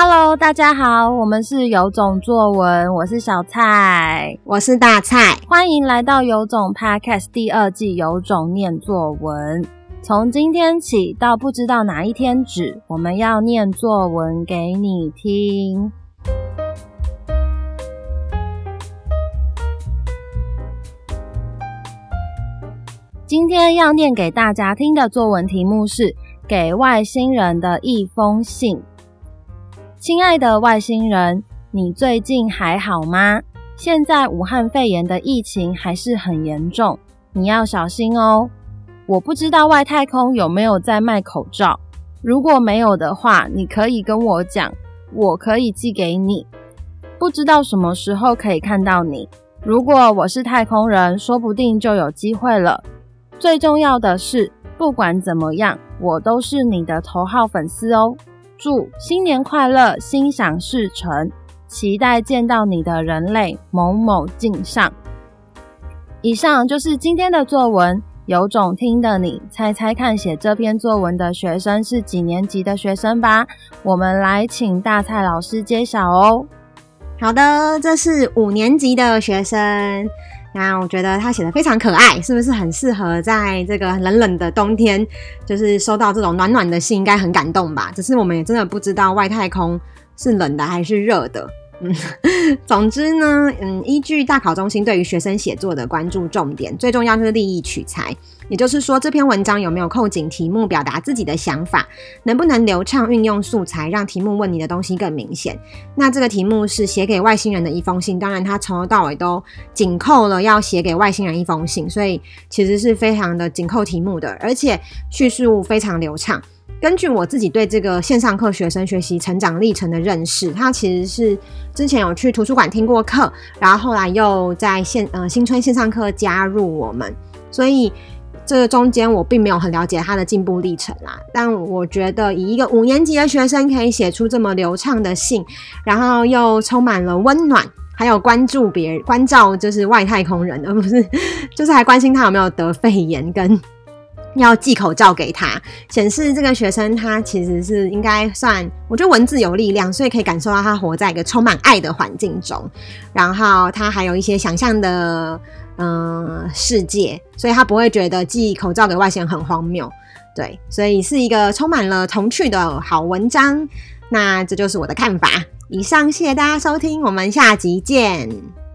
Hello，大家好，我們是有種作文，我是小蔡，我是大蔡，歡迎來到有種 Podcast 第二季，有種念作文。從今天起到不知道哪一天止，我們要念作文給你聽。今天要念給大家聽的作文題目是《給外星人的一封信》。親愛的外星人，你最近還好嗎？現在武漢肺炎的疫情還是很嚴重，你要小心哦。我不知道外太空有沒有在賣口罩。如果沒有的話，你可以跟我講，我可以寄給你。不知道什麼時候可以看到你。如果我是太空人，說不定就有機會了。最重要的是，不管怎麼樣，我都是你的頭號粉絲哦。祝新年快樂，心想事成。期待見到你的人類某某敬上。以上就是今天的作文，有種聽的你猜猜看，寫這篇作文的學生是幾年級的學生吧？我們來請大蔡老師揭曉哦。好的，這是五年級的學生。那、啊、我覺得他寫的非常可愛，是不是很適合在這個冷冷的冬天，就是收到這種暖暖的信，應該很感動吧？只是我們也真的不知道外太空是冷的還是熱的。嗯，總之呢，嗯，依據大考中心對於學生寫作的關注重點，最重要就是立意取材，也就是說這篇文章有沒有扣緊題目，表達自己的想法，能不能流暢運用素材，讓題目問你的東西更明顯。那這個題目是寫給外星人的一封信，當然它從頭到尾都緊扣了要寫給外星人一封信，所以其實是非常的緊扣題目的，而且敘述非常流暢。根據我自己對這個線上課學生學習成長歷程的認識，他其實是之前有去圖書館聽過課，然後後來又在線呃、新春線上課加入我們，所以這個中間我並沒有很了解他的進步歷程啦。但我覺得以一個五年級的學生可以寫出這麼流暢的信，然後又充滿了溫暖，還有關注別人，關照就是外太空人，而不是，就是還關心他有沒有得肺炎跟。要寄口罩給他，顯示這個學生他其實是應該算，我覺得文字有力量，所以可以感受到他活在一個充滿愛的環境中，然後他還有一些想象的嗯、呃、世界，所以他不會覺得寄口罩給外星人很荒謬，對，所以是一個充滿了童趣的好文章。那這就是我的看法，以上謝謝大家收聽，我們下集見。